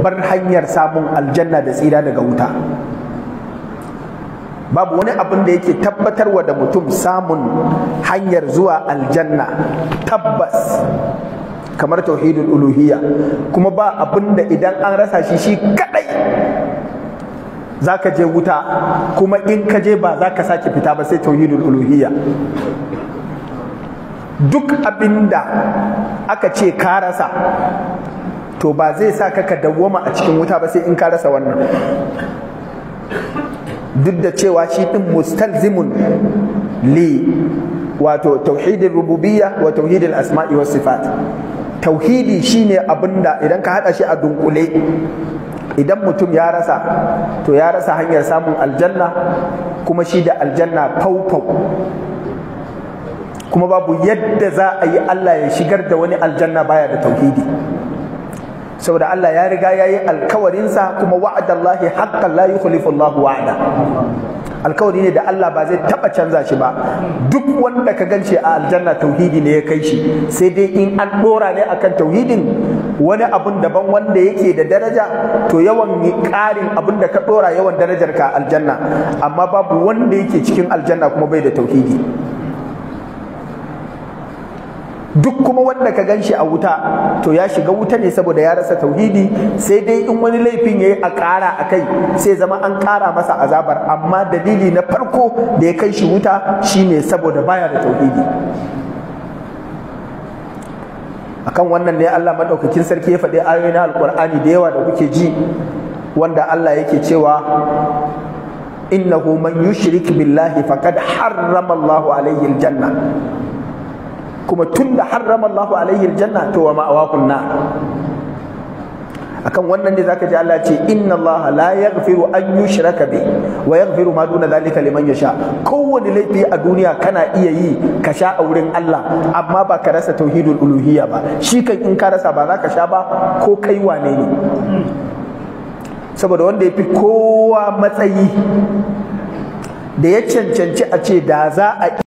bar hanyar samun aljanna da tsira daga wuta babu wani abin da yake tabbatarwa da mutum samun hanyar zuwa aljanna tabbas kamar tauhidul uluhiyya kuma ba abin da idan an rasa shi shi kadai za ka je wuta kuma in ka je ba za ka sake fita ba sai tauhidul uluhiyya duk abin da aka ce ka rasa to ba zai sa ka ka dawwama a cikin wuta ba sai in ka rasa wannan duk da cewa shi din mustalzimun li wato tauhidin rububiyya wa tauhidin asma'i was sifat tauhidi shine abinda idan ka hada shi a dunkule idan mutum ya rasa to ya rasa hanyar samun aljanna kuma shi da aljanna faufau kuma babu yadda za a yi Allah ya shigar da wani aljanna baya da tauhidi saboda Allah ya riga ya yi alkawarinsa kuma wa'adallahi haƙƙan la yukhlifu Allahu wa'ada alkawari ne da Allah ba zai taɓa canza shi ba duk wanda ka ganshi a aljanna tauhidi ne ya kai shi sai dai in an ɗora ne akan tauhidin wani abun daban wanda yake da daraja to yawan ƙarin abun da ka ɗora yawan darajar ka aljanna amma babu wanda yake cikin aljanna kuma bai da tauhidi duk kuma wanda ka gan shi a wuta to ya shiga wuta ne saboda ya rasa tauhidi sai dai in wani laifin ya yi a ƙara a kai sai zama an ƙara masa azabar amma dalili na farko da ya kai shi wuta shi ne saboda baya da tauhidi A kan wannan ne Allah madaukakin sarki ya faɗi ayoyi na alƙur'ani da yawa da kuke ji wanda Allah yake cewa innahu man yushrik billahi faqad harrama Allahu alaihi aljanna kuma tun da harrama Allah alaihi aljanna to wa ma'awakun na akan wannan ne zaka ji Allah ce inna Allah la yaghfiru an yushraka bi wa yaghfiru ma duna zalika liman yasha kowane laifi a duniya kana iya yi ka sha a wurin Allah amma ba ka rasa tauhidul uluhiyya ba shi kan in ka rasa ba za ka sha ba ko kai wane ne saboda wanda ya fi kowa matsayi da ya cancanci a ce da za a